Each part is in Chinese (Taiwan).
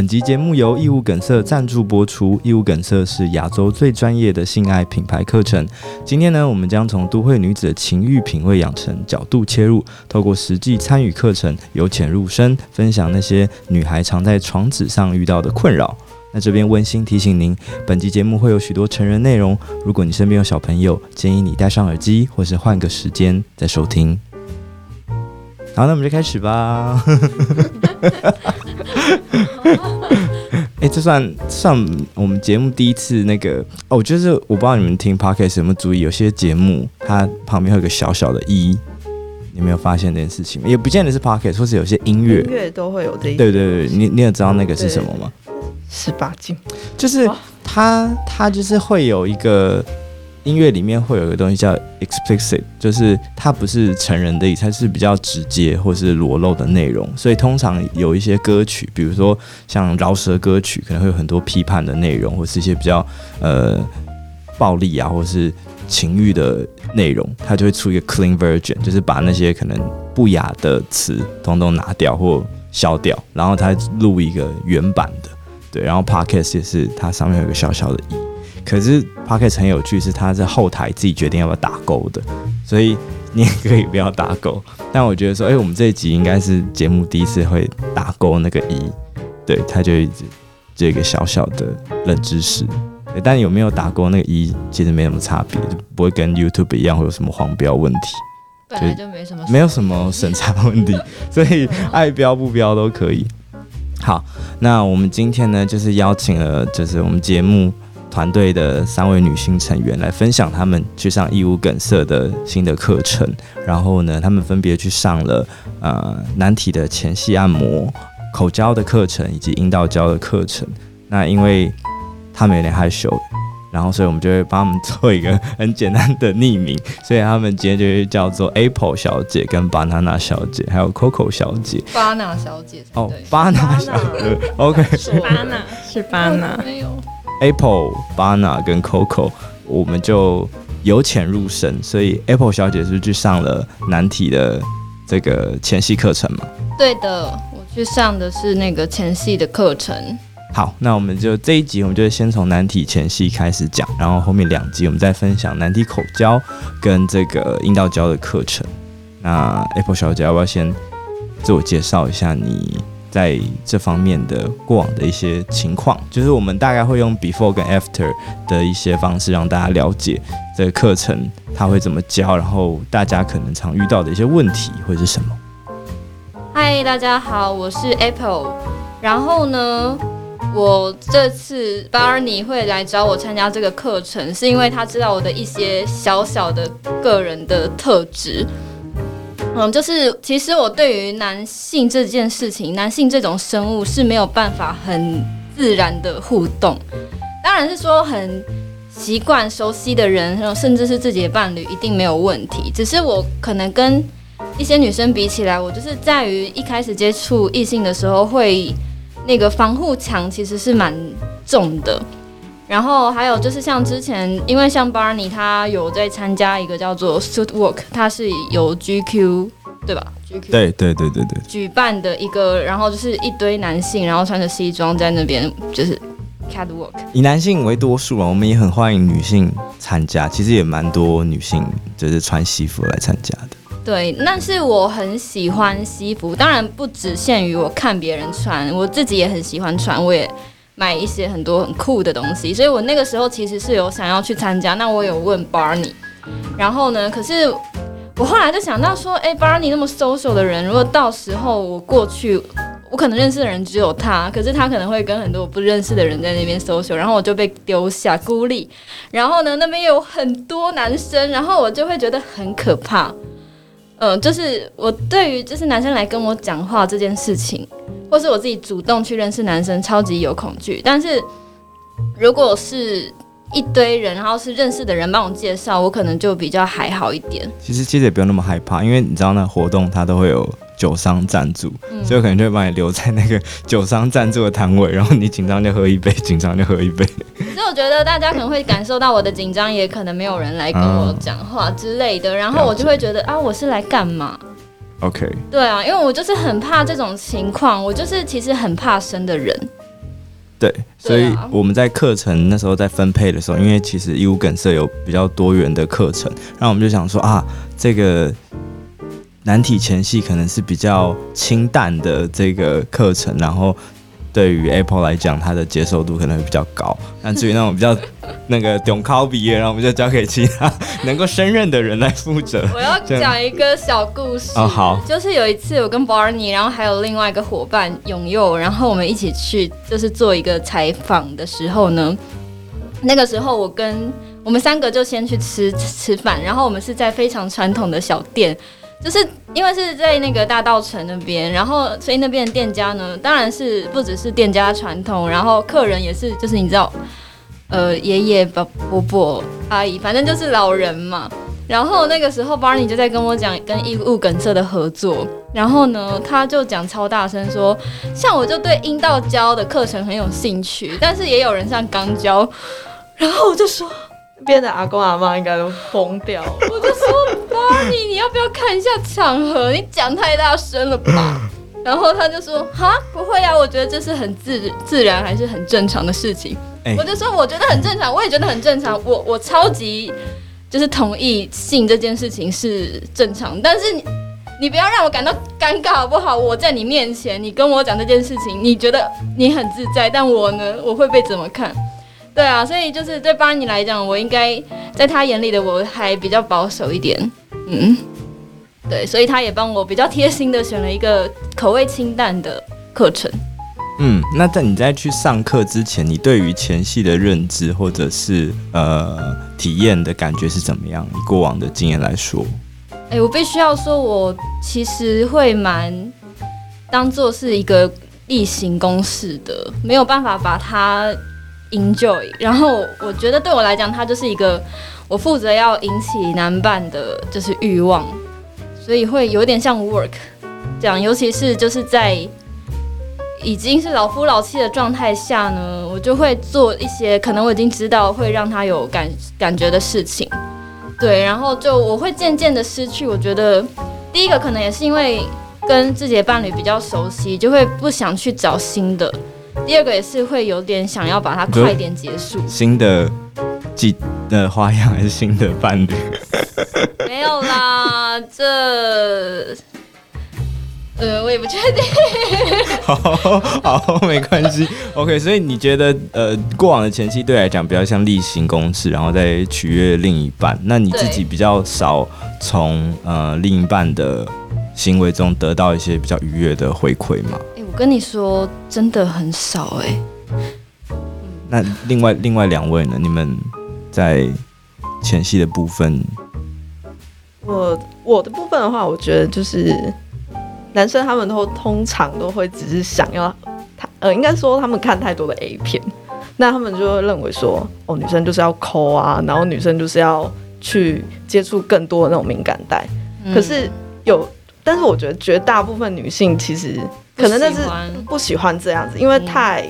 本集節目由異物梗色贊助播出。異物梗色是亞洲最專業的性愛品牌課程。今天呢，我們將從都會女子的情慾品味養成角度切入，透過實際參與課程，由淺入深，分享那些女孩常在床笫上遇到的困擾。那這邊溫馨提醒您，本集節目會有許多成人內容，如果你身邊有小朋友，建議你戴上耳機或是換個時間再收聽。好，那我們就開始吧。 哎、 欸，這算算，我們節目第一次那個哦，就是我不知道你們聽 Podcast 有沒有注意，有些節目它旁邊會有個小小的 “E”，你沒有發現這件事情嗎？也不見得是 Podcast，或是有些音樂，音樂都會有這。對對對，你你有知道那個是什麼嗎？十八禁，就是它，它就是會有一個。音樂裡面會有一個東西叫 explicit，就是它不是成人的意思，它是比較直接或是裸露的內容。所以通常有一些歌曲，比如說像饒舌歌曲，可能會有很多批判的內容，或是一些比較呃暴力啊，或是情慾的內容，它就會出一個 clean version，就是把那些可能不雅的詞通通拿掉或消掉，然後它錄一個原版的。對，然後 podcast 也是，它上面有一個小小的 E 可是他 a r 很有趣，是他在後台自己決定要不要打勾的，所以你也可以不要打勾。但我覺得說，哎、欸，我們這一集應該是節目第一次會打勾那個一、e,，對，他就一直這個小小的冷知識、欸。但有沒有打勾那個一、e,，其實沒什麼差別，不會跟 YouTube 一樣會有什麼黃標問題，本來就沒什麼，沒有什麼審查問題， 所以愛標不標都可以。好，那我們今天呢，就是邀請了，就是我們節目。團隊的三位女性成員來分享她們去上異物梗色的新的課程。然後呢，她們分別去上了呃男體的前戲按摩、口交的課程以及陰道交的課程。那因為她們有點害羞，然後所以我們就會幫她們做一個很簡單的匿名，所以她們今天就會叫做 Apple 小姐、跟 Banana 小姐，還有 Coco 小姐。Banana 小姐、哦、Bana 小姐。哦，Banana。Bana Bana, OK。 Bana, 是 Banana，是 Banana。沒有。Apple、Banana 跟 Coco，我們就由淺入深，所以 Apple 小姐是不是去上了難題的這個前戲課程嘛？對的，我去上的是那個前戲的課程。好，那我們就這一集，我們就先從難題前戲開始講，然後後面兩集我們再分享難題口交跟這個陰道交的課程。那 Apple 小姐要不要先自我介紹一下你？在這方面的過往的一些情況，就是我們大概會用 before 跟 after 的一些方式讓大家了解這個課程，他會怎麼教，然後大家可能常遇到的一些問題會是什麼。嗨，大家好，我是 Apo。然後呢，我這次 Barney 會來找我參加這個課程，是因為他知道我的一些小小的個人的特質。嗯，就是其實我對於男性這件事情，男性這種生物是沒有辦法很自然的互動。當然是說很習慣熟悉的人，然後甚至是自己的伴侶，一定沒有問題。只是我可能跟一些女生比起來，我就是在於一開始接觸異性的時候會，會那個防護牆其實是蠻重的。然後還有就是像之前，因為像 Barney 他有在參加一個叫做 Suit Walk 它是由 GQ 對吧？GQ 對對對對對，舉辦的一個，然後就是一堆男性，然後穿着西裝在那邊就是 Cat Walk，以男性為多數啊，我們也很歡迎女性參加，其實也蠻多女性就是穿西服來參加的。對，但是我很喜歡西服，當然不只限於我看別人穿，我自己也很喜歡穿，我也。買一些很多很酷的東西，所以我那個時候其實是有想要去參加。那我有問 Barney，然後呢，可是我後來就想到說，欸，Barney 那麼 social 的人，如果到時候我過去，我可能認識的人只有他，可是他可能會跟很多我不認識的人在那邊 social，然後我就被丟下孤立。然後呢，那邊有很多男生，然後我就會覺得很可怕。嗯，就是我對於就是男生來跟我講話這件事情，或是我自己主動去認識男生，超級有恐懼。但是如果是。一堆人，然後是認識的人幫我介紹，我可能就比較還好一點。其實其實也不用那麼害怕，因為你知道那活動它都會有酒商贊助、嗯，所以我可能就會把你留在那個酒商贊助的攤位，然後你緊張就喝一杯，緊張就喝一杯。所以我覺得大家可能會感受到我的緊張， 也可能沒有人來跟我講話之類的、啊，然後我就會覺得啊，我是來幹嘛？OK，對啊，因為我就是很怕這種情況，我就是其實很怕生的人。對，所以我們在課程那時候在分配的時候，因為其實異物梗色有比較多元的課程，然後我們就想說啊，這個男體前戲可能是比較清淡的這個課程，然後。對於 Apple 來講，它的接受度可能會比較高。但至於那種比較 那個懂 Copy 的，然後我們就交給其他能夠勝任的人來負責。我要講一個小故事。哦，好。就是有一次，我跟 Barney，然後還有另外一個夥伴永佑，然後我們一起去，就是做一個採訪的時候呢。那個時候，我跟我們三個就先去吃吃飯，然後我們是在非常傳統的小店。就是因為是在那個大稻埕那邊，然後所以那邊的店家呢，當然是不只是店家傳統，然後客人也是，就是你知道，呃，爺爺、伯伯、伯阿姨，反正就是老人嘛。然後那個時候，Barney 就在跟我講跟異物梗色的合作，然後呢，他就講超大聲說，像我就對陰道交的課程很有興趣，但是也有人像肛交，然後我就說。邊的阿公阿媽應該都瘋掉了 。我就說，媽你你要不要看一下場合？你講太大聲了吧？ 然後他就說，哈，不會啊，我覺得這是很自自然，還是很正常的事情。欸、我就說，我覺得很正常，我也覺得很正常。我我超級就是同意性這件事情是正常，但是你，你不要讓我感到尷尬好不好？我在你面前，你跟我講這件事情，你覺得你很自在，但我呢，我會被怎麼看？對啊，所以就是對巴尼來講，我應該在他眼裡的我還比較保守一點，嗯，對，所以他也幫我比較貼心的選了一個口味清淡的課程。嗯，那在你在去上課之前，你對於前戲的認知或者是呃體驗的感覺是怎麼樣？以過往的經驗來說，哎，我必須要說，我其實會蠻當做是一個例行公事的，沒有辦法把它。Enjoy，然後我覺得對我來講，它就是一個我負責要引起男伴的，就是慾望，所以會有點像 work 這樣，尤其是就是在已經是老夫老妻的狀態下呢，我就會做一些可能我已經知道會讓他有感感覺的事情，對，然後就我會漸漸的失去。我覺得第一個可能也是因為跟自己的伴侶比較熟悉，就會不想去找新的。第二個也是會有點想要把它快一點結束。新的幾的、呃、花樣還是新的伴侶？ 沒有啦，這呃，我也不確定。 好，好，好，沒關係。OK，所以你覺得呃，過往的前戲對你來講比較像例行公事，然後再取悅另一半。那你自己比較少從呃另一半的行為中得到一些比較愉悅的回饋嗎？我跟你說，真的很少哎、欸。那另外另外兩位呢？你們在前戲的部分，我我的部分的話，我覺得就是男生他們都通常都會只是想要他呃，應該說他們看太多的 A 片，那他們就會認為說哦，女生就是要摳啊，然後女生就是要去接觸更多的那種敏感帶、嗯。可是有，但是我覺得絕大部分女性其實。可能但是不喜歡這樣子，因為太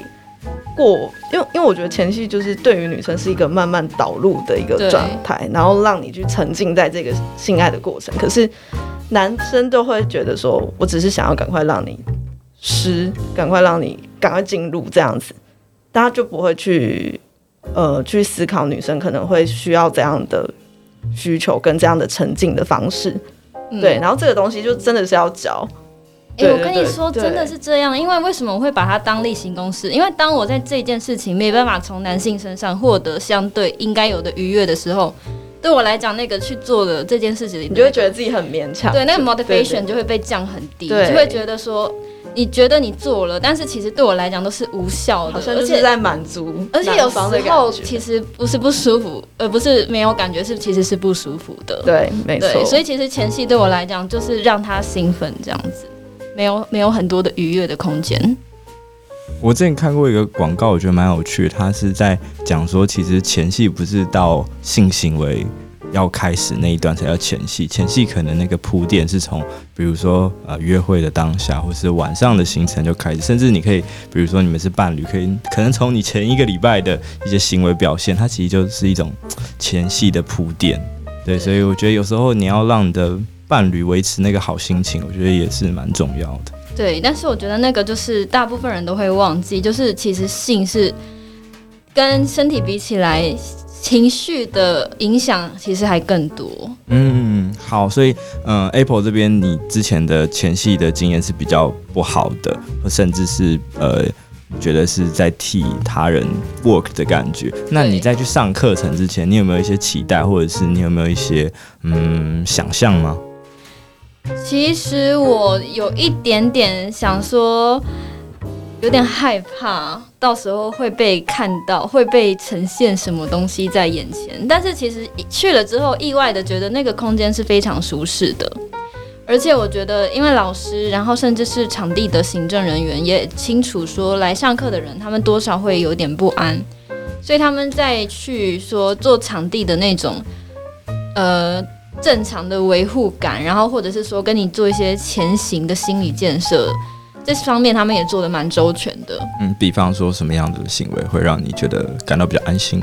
過，因、嗯、為因為我覺得前戲就是對於女生是一個慢慢導入的一個狀態，然後讓你去沉浸在這個性愛的過程。可是男生都會覺得說，我只是想要趕快讓你濕，趕快讓你趕快進入這樣子，大家就不會去呃去思考女生可能會需要這樣的需求跟這樣的沉浸的方式。嗯、對，然後這個東西就真的是要教。欸、我跟你說，真的是這樣對對對。因為為什麼我會把它當例行公事？因為當我在這件事情沒辦法從男性身上獲得相對應該有的愉悅的時候，對我來講，那個去做的這件事情，那個，你就會覺得自己很勉強，對那個 motivation 對對對，就會被降很低，對對對，就會覺得說，你覺得你做了，但是其實對我來講都是無效的，的而且在滿足，而且有時候其實不是不舒服，而、呃、不是沒有感覺，是其實是不舒服的。對，沒錯。所以其實前戲對我來講，就是讓他興奮這樣子。沒有沒有很多的愉悅的空間。我之前看過一個廣告，我覺得蠻有趣的。它是在講說，其實前戲不是到性行為要開始那一段才叫前戲，前戲可能那個鋪墊是從，比如說呃約會的當下，或是晚上的行程就開始，甚至你可以，比如說你們是伴侶，可以可能從你前一個禮拜的一些行為表現，它其實就是一種前戲的鋪墊。對，對所以我覺得有時候你要讓你的。伴侶維持那個好心情，我覺得也是蠻重要的。對，但是我覺得那個就是大部分人都會忘記，就是其實性是跟身體比起來，情緒的影響其實還更多。嗯，好，所以嗯、呃、Apo 這邊你之前的前戲的經驗是比較不好的，甚至是呃，覺得是在替他人 work 的感覺。那你在去上課程之前，你有沒有一些期待，或者是你有沒有一些嗯想象嗎？其實我有一點點想說，有點害怕，到時候會被看到，會被呈現什麼東西在眼前。但是其實去了之後，意外的覺得那個空間是非常舒適的，而且我覺得，因為老師，然後甚至是場地的行政人員也清楚說，來上課的人他們多少會有點不安，所以他們在去說做場地的那種，呃。正常的維護感，然後或者是說跟你做一些前行的心理建設，這方面他們也做得蠻周全的。嗯，比方說什麼樣子的行為會讓你覺得感到比較安心？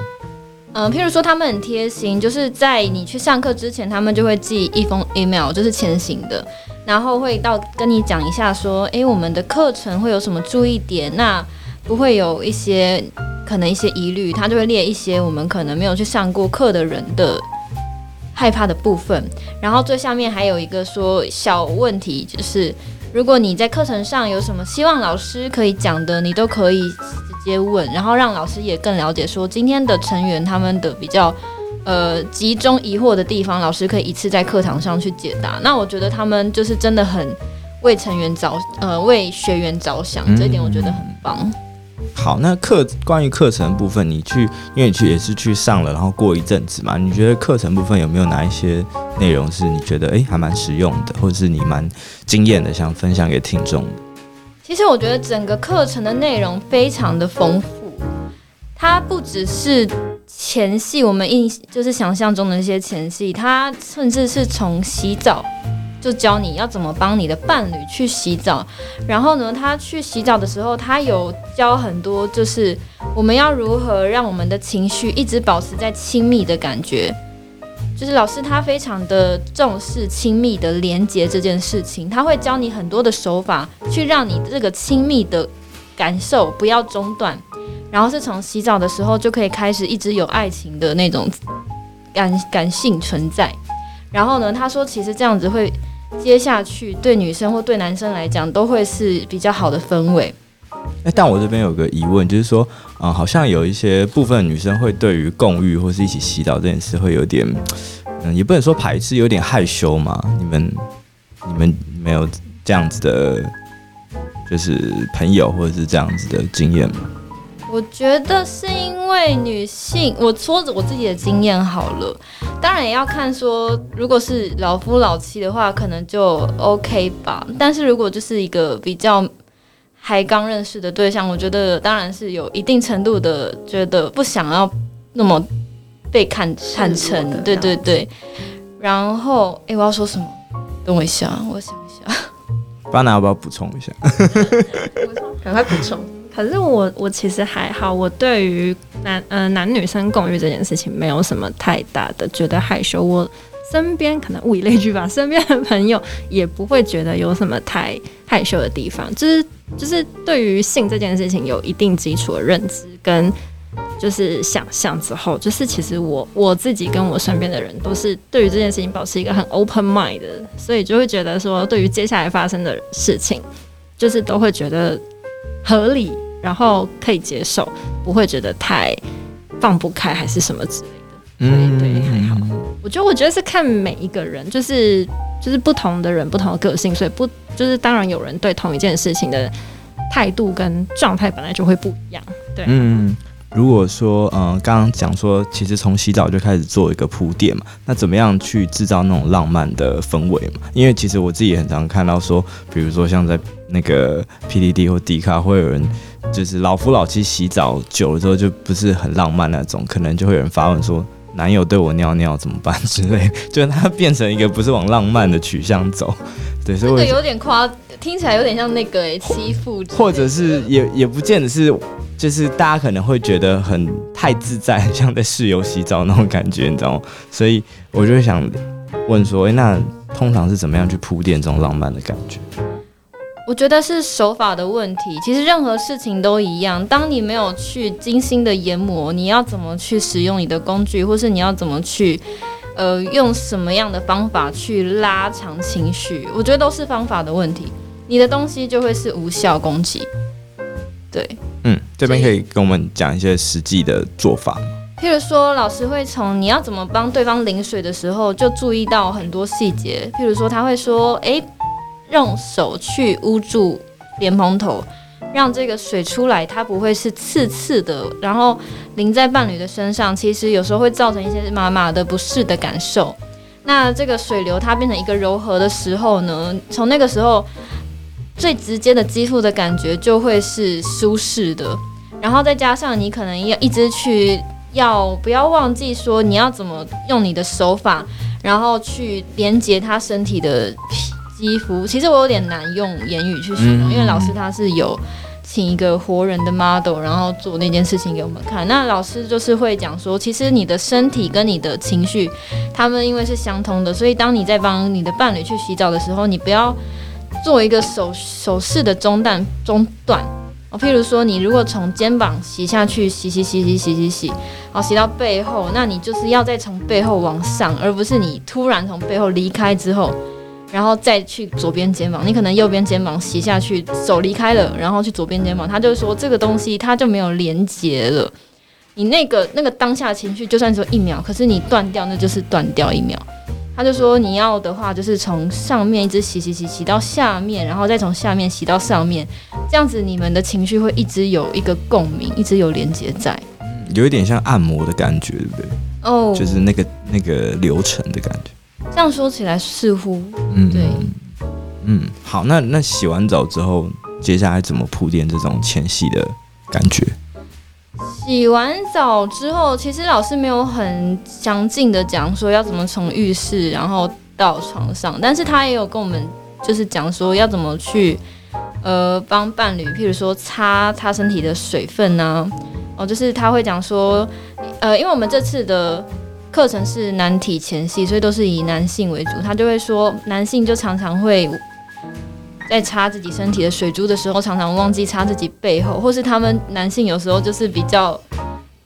嗯、呃，譬如說他們很貼心，就是在你去上課之前，他們就會寄一封 email，就是前行的，然後會到跟你講一下說，哎，我們的課程會有什麼注意點，那不會有一些可能一些疑慮，他就會列一些我們可能沒有去上過課的人的。害怕的部分，然後最下面還有一個說小問題，就是如果你在課程上有什麼希望老師可以講的，你都可以直接問，然後讓老師也更了解說今天的成員他們的比較呃集中疑惑的地方，老師可以一次在課堂上去解答。那我覺得他們就是真的很為成員着呃為學員着想，這一點我覺得很棒。好，那課關於課程部分，你去，因為你去也是去上了，然後過一陣子嘛，你覺得課程部分有沒有哪一些內容是你覺得誒、欸、還蠻實用的，或是你蠻驚艷的，想分享給聽眾的？其實我覺得整個課程的內容非常的豐富，它不只是前戲，我們印就是想象中的那些前戲，它甚至是從洗澡。就教你要怎麼幫你的伴侶去洗澡，然後呢，他去洗澡的時候，他有教很多，就是我們要如何讓我們的情緒一直保持在親密的感覺。就是老師他非常的重視親密的連接這件事情，他會教你很多的手法，去讓你這個親密的感受不要中斷，然後是從洗澡的時候就可以開始一直有愛情的那種感感性存在。然後呢，他說其實這樣子會。接下去對女生或對男生來講都會是比較好的氛圍。欸，但我這邊有個疑問，就是說，嗯，好像有一些部分女生會對於共浴或是一起洗澡這件事會有點，嗯，也不能說排斥，有點害羞嘛。你們，你們沒有這樣子的，就是朋友或者是這樣子的經驗嗎？我覺得是因。因為女性，我說着我自己的經驗好了，當然也要看說，如果是老夫老妻的話，可能就 OK 吧。但是如果就是一個比較還剛認識的對象，我覺得當然是有一定程度的，覺得不想要那麼被看看成，對對對。嗯、然後，哎、欸，我要說什麼？等我一下，我想一下。巴拿要不要補充一下？趕 快補補充。 反正我我其實還好，我對於男呃男女生共浴這件事情沒有什麼太大的覺得害羞。我身邊可能物以類聚吧，身邊的朋友也不會覺得有什麼太害羞的地方。就是就是對於性這件事情有一定基礎的認知跟就是想象之後，就是其實我我自己跟我身邊的人都是對於這件事情保持一個很 open mind 的，所以就會覺得說對於接下來發生的事情，就是都會覺得合理。然後可以接受，不會覺得太放不開還是什麼之類的，所以對，還、嗯、好。我覺得，我覺得是看每一個人，就是就是不同的人，不同的個性，所以不就是當然有人對同一件事情的態度跟狀態本來就會不一樣。對，嗯，如果說嗯、呃、剛剛講說，其實從洗澡就開始做一個鋪墊嘛，那怎麼樣去制造那種浪漫的氛圍嘛？因為其實我自己也很常看到說，比如說像在那個 P D D 或迪卡會有人。就是老夫老妻洗澡久了之後就不是很浪漫那種，可能就會有人發問說：“男友對我尿尿怎麼辦？”之類，就讓它變成一個不是往浪漫的取向走。對，所以這個有點誇，聽起來有點像那個欸，欺負。或者是也也不見得是，就是大家可能會覺得很太自在，像在室友洗澡那種感覺，你知道嗎？所以我就會想問說，欸，那通常是怎麼樣去鋪墊這種浪漫的感覺？我覺得是手法的問題。其實任何事情都一樣，當你沒有去精心的研磨，你要怎麼去使用你的工具，或是你要怎麼去，呃，用什麼樣的方法去拉長情緒，我覺得都是方法的問題。你的東西就會是無效攻擊。對，嗯，這邊可以跟我們講一些實際的做法。譬如說，老師會從你要怎麼幫對方淋水的時候，就注意到很多細節。譬如說，他會說，誒、欸……用手去捂住蓮蓬頭，讓這個水出來，它不會是刺刺的，然後淋在伴侶的身上，其實有時候會造成一些麻麻的不適的感受。那這個水流它變成一個柔和的時候呢，從那個時候最直接的肌膚的感覺就會是舒適的，然後再加上你可能要一直去要不要忘記說你要怎麼用你的手法，然後去連接他身體的。肌膚，其實我有點難用言語去形容，因為老師他是有請一個活人的 model，然後做那件事情給我們看。那老師就是會講說，其實你的身體跟你的情緒，他們因為是相通的，所以當你在幫你的伴侶去洗澡的時候，你不要做一個手手勢的中斷中斷。譬如說，你如果從肩膀洗下去，洗洗洗洗洗洗洗，然後洗到背後，那你就是要再從背後往上，而不是你突然從背後離開之後。然後再去左邊肩膀，你可能右邊肩膀吸下去，手離開了，然後去左邊肩膀，他就說這個東西它就沒有連接了。你那個那個當下情緒，就算說一秒，可是你斷掉，那就是斷掉一秒。他就說你要的話，就是從上面一直吸、吸、吸，吸、吸到下面，然後再從下面吸到上面，這樣子你們的情緒會一直有一個共鳴，一直有連接在。有一點像按摩的感覺，對不對？哦、oh，就是那個那個流程的感覺。這樣說起來似乎，嗯對，嗯好，那那洗完澡之後，接下來怎麼鋪墊這種前戲的感覺？洗完澡之後，其實老師沒有很詳盡的講說要怎麼從浴室然後到床上，但是他也有跟我們就是講說要怎麼去，呃幫伴侶，譬如說擦擦身體的水分吶，啊，哦就是他會講說，呃因為我們這次的。課程是男體前戲，所以都是以男性為主。他就會說，男性就常常會在擦自己身體的水珠的時候，常常忘記擦自己背後，或是他們男性有時候就是比較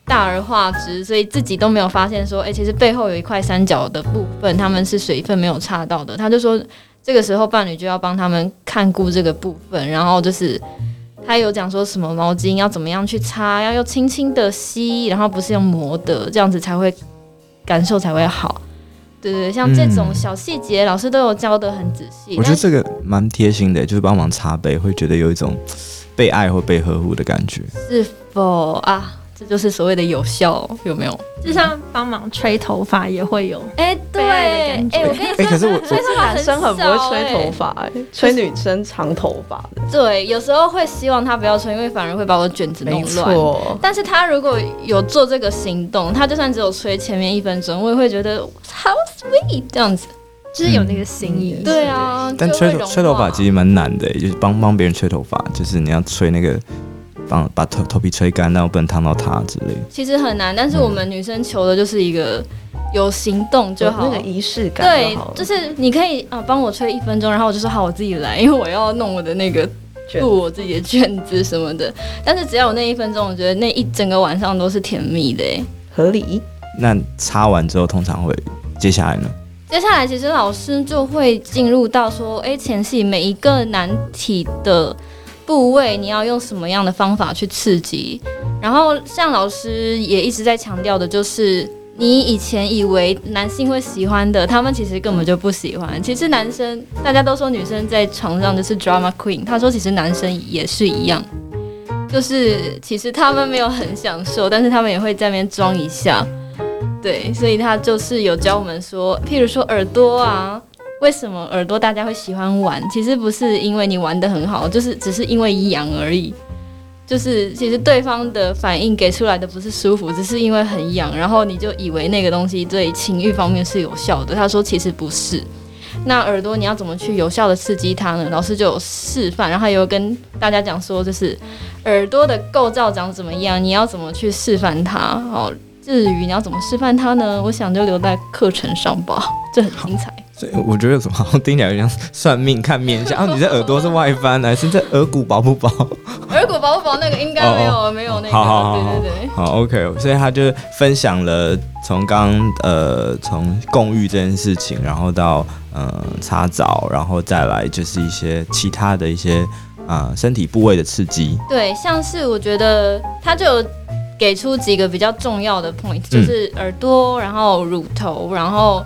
大而化之，所以自己都沒有發現說，哎、欸，其實背後有一塊三角的部分，他們是水分沒有擦到的。他就說，這個時候伴侶就要幫他們看顧這個部分，然後就是他有講說什麼毛巾要怎麼樣去擦，要用輕輕的吸，然後不是用磨的，這樣子才會。感受才會好，對對，像這種小細節，嗯、老師都有教得很仔細。我覺得這個蠻貼心的，就是幫忙擦背，會覺得有一種被愛或被呵護的感覺。是否啊？就是所謂的有效，有沒有？就像幫忙吹頭髮也會有哎、欸，對，哎、欸欸欸，我跟你說，欸、可是我我可是男生很不會吹頭髮、欸，吹女生長頭髮的、就是。對，有時候會希望他不要吹，因為反而會把我卷子弄亂。沒錯，但是他如果有做這個行動，他就算只有吹前面一分鐘，我也會覺得 how sweet，這樣子就是有那個心意。嗯、對啊，對啊，但吹頭吹頭髮其實蠻難的、欸，就是幫幫別人吹頭髮，就是你要吹那個。幫把頭頭皮吹乾，但我不能燙到它之類。其實很難，但是我們女生求的就是一個有行動就好，那個儀式感。對，就是你可以啊，幫我吹一分鐘，然後我就說好，我自己來，因為我要弄我的那個做我自己的卷子什麼的。但是只要有那一分鐘，我覺得那一整個晚上都是甜蜜的、欸，合理。那擦完之後，通常會接下來呢？接下來，其實老師就會進入到說，哎、欸，前戲每一個難題的。部位你要用什麼樣的方法去刺激？然後像老師也一直在強調的，就是你以前以為男性會喜歡的，他們其實根本就不喜歡。其實男生大家都說女生在床上就是 drama queen，他說其實男生也是一樣，就是其實他們沒有很享受，但是他們也會在那邊裝一下。對，所以他就是有教我們說，譬如說耳朵啊。為什麼耳朵大家會喜歡玩？其實不是因為你玩得很好，就是只是因為癢而已。就是其實對方的反應給出來的不是舒服，只是因為很癢，然後你就以為那個東西對情慾方面是有效的。他說其實不是。那耳朵你要怎麼去有效的刺激它呢？老師就有示範，然後也有跟大家講說，就是耳朵的構造長怎麼樣，你要怎麼去示範它。哦，至於你要怎麼示範它呢？我想就留在課程上吧。這很精彩。我覺得怎麼好像聽起來，有點像算命看面相啊。 啊你的耳朵是外翻的，還是這耳骨薄不薄？耳骨薄不薄，那個應該沒有、哦，沒有那個。好好好，對對對對好，好 OK。所以他就分享了從剛、嗯、呃從共浴這件事情，然後到嗯、呃、擦澡，然後再來就是一些其他的一些啊、呃、身體部位的刺激。對，像是我覺得他就有給出幾個比較重要的 point，就是耳朵，然後乳頭，然後。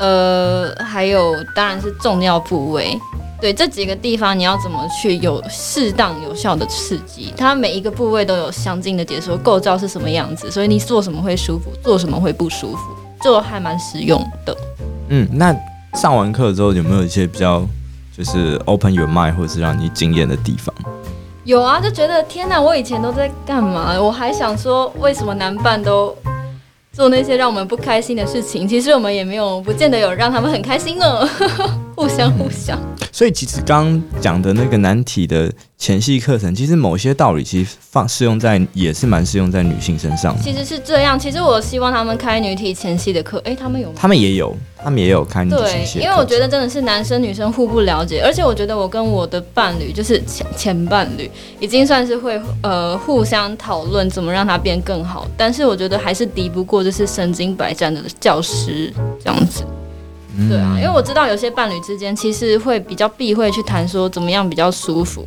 呃，還有當然是重要部位，對，這幾個地方你要怎麼去有適當有效的刺激，它每一個部位都有詳盡的解說，構造是什麼樣子，所以你做什麼會舒服，做什麼會不舒服，就還蠻實用的。嗯，那上完課之後有沒有一些比較就是 open your mind，或者是讓你驚艷的地方？有啊，就覺得天哪，我以前都在幹嘛？我還想說，為什麼男伴都做那些讓我們不開心的事情，其實我們也沒有，不見得有讓他們很開心呢，呵呵，互相互相。所以其實剛講的那個男體的前戲課程，其實某些道理其實放適用在，也是蠻適用在女性身上。其實是這樣，其實我希望他們開女體前戲的課，哎、欸，他們有？他們也有，他們也有開女體前戲。因為我覺得真的是男生女生互不了解，而且我覺得我跟我的伴侶，就是前前伴侶，已經算是會呃互相討論怎麼讓他變更好，但是我覺得還是敵不過就是身經百戰的教師這樣子。嗯、啊對啊，因為我知道有些伴侶之間其實會比較避諱去談說怎麼樣比較舒服，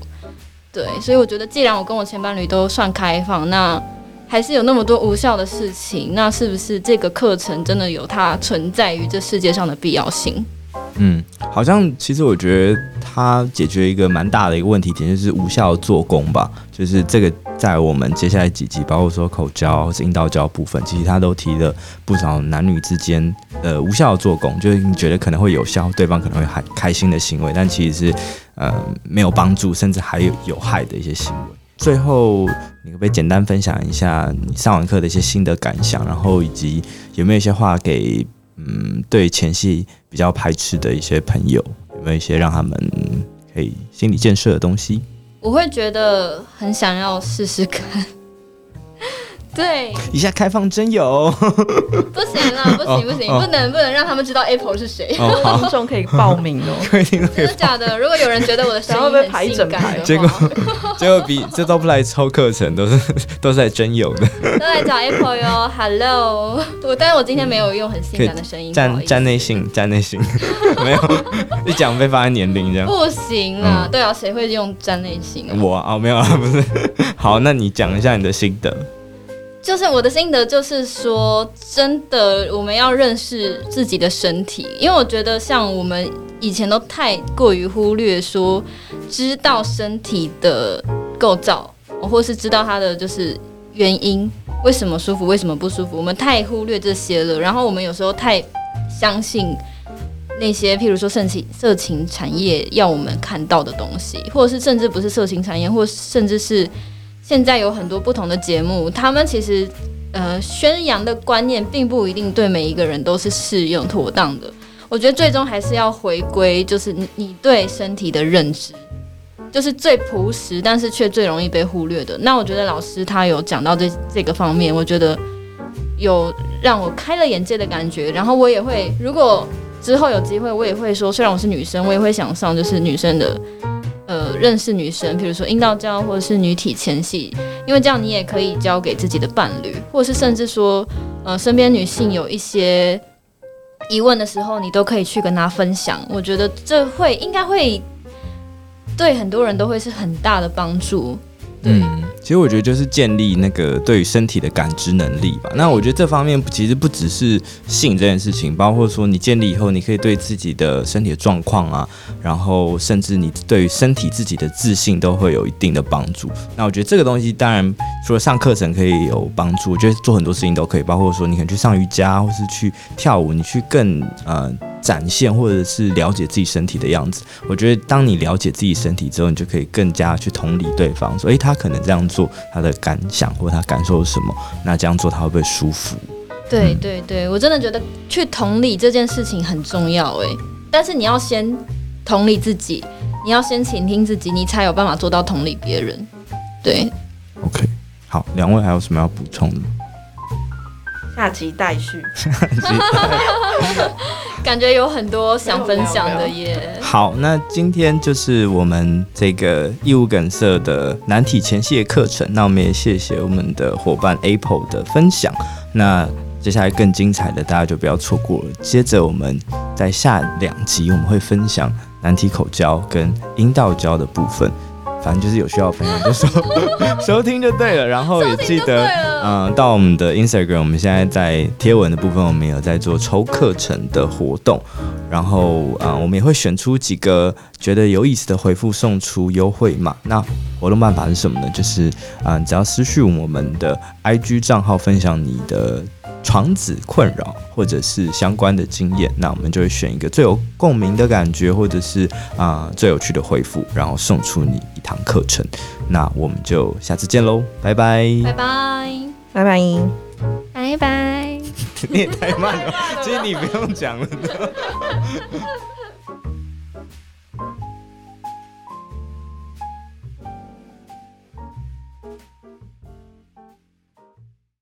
對，所以我覺得既然我跟我前伴侶都算開放，那還是有那麼多無效的事情，那是不是這個課程真的有它存在於這世界上的必要性？嗯，好像其實我覺得它解決一個蠻大的一個問題點，就是無效做工吧，就是這個。在我們接下來幾集，包括說口交或是陰道交的部分，其實他都提了不少男女之間呃無效的做工，就是你覺得可能會有效，對方可能會很開心的行為，但其實是呃沒有幫助，甚至還有有害的一些行為。最後，你可不可以簡單分享一下你上完課的一些新的感想，然後以及有沒有一些話給嗯對前戲比較排斥的一些朋友，有沒有一些讓他們可以心理建設的東西？我會覺得很想要試試看。對，以下開放徵友，不行了，不行不行，哦哦、不能不能讓他們知道 Apple 是誰。觀、哦、眾可以報名哦，真的假的？如果有人覺得我的聲音很性感會不會排整排，結果結果比這都不來抽課程，都是都是來徵友的，都來找 Apple 哦。Hello，我 但是我今天沒有用很性感的聲音，站站內信站內信，內心內心 沒有，你 講被發現年齡這樣不行啊、嗯。對啊，誰會用站內信？我啊、哦，沒有啊，不是。好，那你講一下你的心得。就是我的心得，就是說，真的，我們要認識自己的身體，因為我覺得像我們以前都太過於忽略說，知道身體的構造，或是知道它的就是原因，為什麼舒服，為什麼不舒服，我們太忽略這些了。然後我們有時候太相信那些，譬如說色情色情產業要我們看到的東西，或者是甚至不是色情產業，或甚至是。現在有很多不同的節目，他們其實，呃，宣揚的觀念並不一定對每一個人都是適用妥當的。我覺得最終還是要回歸，就是你對身體的認知，就是最樸實，但是卻最容易被忽略的。那我覺得老師他有講到這這個方面，我覺得有讓我開了眼界的感覺。然後我也會，如果之後有機會，我也會說，雖然我是女生，我也會想上，就是女生的。呃，認識女生，比如說陰道教或者是女體前戲，因為這樣你也可以教給自己的伴侶，或是甚至說，呃，身邊女性有一些疑問的時候，你都可以去跟她分享。我覺得這會應該會對很多人都會是很大的幫助。嗯，其實我覺得就是建立那個對於身體的感知能力吧。那我覺得這方面其實不只是性這件事情，包括說你建立以後，你可以對自己的身體的狀況啊，然後甚至你對於身體自己的自信都會有一定的幫助。那我覺得這個東西當然除了上課程可以有幫助，我覺得做很多事情都可以，包括說你可能去上瑜伽，或是去跳舞，你去更呃展現或者是了解自己身體的樣子。我覺得當你了解自己身體之後，你就可以更加去同理對方，所以他。他可能這樣做，他的感想或他感受是什麼？那這樣做他會不會舒服？對對對，嗯、我真的覺得去同理這件事情很重要誒、欸，但是你要先同理自己，你要先傾聽自己，你才有辦法做到同理別人。對，OK。好，兩位還有什麼要補充的？下集待續， 感覺有很多想分享的耶。好，那今天就是我們這個異物梗色的難題前戲的課程。那我們也謝謝我們的夥伴 Apo 的分享。那接下來更精彩的，大家就不要錯過了。接着我們在下兩集我們會分享難題口交跟陰道交的部分。反正就是有需要的朋友就收 收聽就對了，然後也記得嗯、呃，到我們的 Instagram，我們現在在貼文的部分，我們也有在做抽課程的活動，然後啊、呃，我們也會選出幾個覺得有意思的回復，送出優惠碼那。活動辦法是什麼呢？就是嗯，呃、只要私訊我們的 IG 賬號，分享你的床笫困擾或者是相關的經驗，那我們就會選一個最有共鳴的感覺，或者是啊、呃、最有趣的回覆，然後送出你一堂課程。那我們就下次見嘍，拜拜，拜拜，拜拜，拜拜。你也太慢了，bye bye. 其實你不用講了。